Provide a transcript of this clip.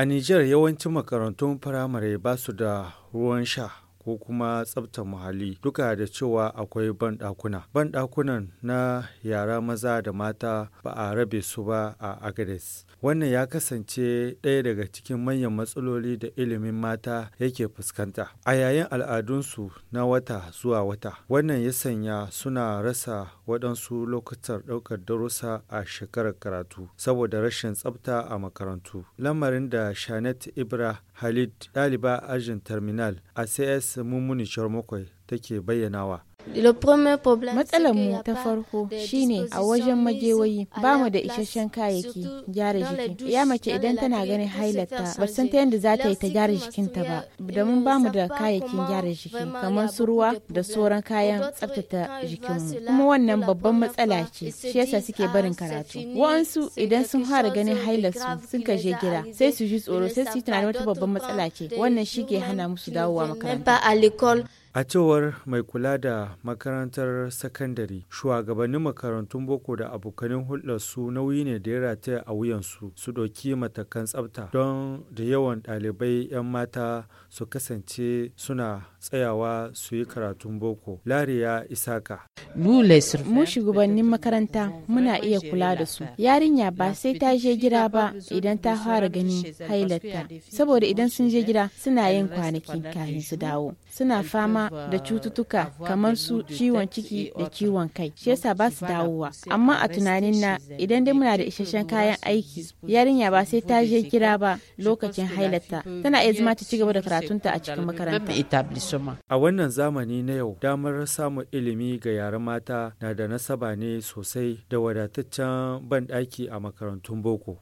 A Nijar yawancin makarantun firamare ba su da ruwan sha. ko kuma tsabtar muhalli duka da cewa akwai banɗakuna. Banɗakunan na yara maza da mata ba a rabe su ba a Agades. Wannan ya kasance ɗaya daga cikin manyan matsaloli da ilimin mata yake fuskanta. A yayin al'adunsu na wata zuwa wata, wannan ya sanya suna rasa waɗansu lokutan ɗaukar darussa a shekarar karatu saboda rashin tsabta a makarantu. Lamarin da Shanet Ibra Halid ɗaliba ajin terminal a CS Mummuni Sharmakwai take bayyanawa. Matsalar mu ta farko shine a wajen majewayi ba mu da isasshen kayayyaki gyara jiki. Ya mace idan tana ganin hailarta ba san ta yadda za ta yi ta gyara jikinta ba. Da mun ba mu da kayayyakin gyara jiki kamar su ruwa da sauran kayan tsaftata jikinmu. Kuma wannan babban matsala ce shi yasa suke barin ah, karatu. Wa'ansu idan sun fara ganin hailarsu sun ka je gida sai su ji tsoro sai su yi tunanin wata babban matsala ce wannan shi ke hana musu dawowa makaranta. A cewar mai kula da makarantar sakandare, shugabannin makarantun boko da abokanin su nauyi ne da ya rataya a wuyansu su ɗauki matakan tsafta don da yawan ɗalibai 'yan mata su kasance suna tsayawa su yi karatun boko. Lariya Isaka. Mu shugabannin makaranta muna iya kula da su. Yarinya ba sai ta je gida ba idan ta fara gani hailatta. Saboda idan sun je gida suna yin kwanaki kafin su dawo. Suna fama fama da cututtuka kamar su ciwon ciki da ciwon kai shi yasa ba su dawowa amma a tunanin na idan dai muna da isasshen kayan aiki yarinya ba sai ta je kira ba lokacin hailata tana iya zama ta ci gaba da karatunta a cikin makaranta a wannan zamani na yau damar samun ilimi ga yaran mata na da nasaba ne sosai da wadataccen banɗaki a makarantun boko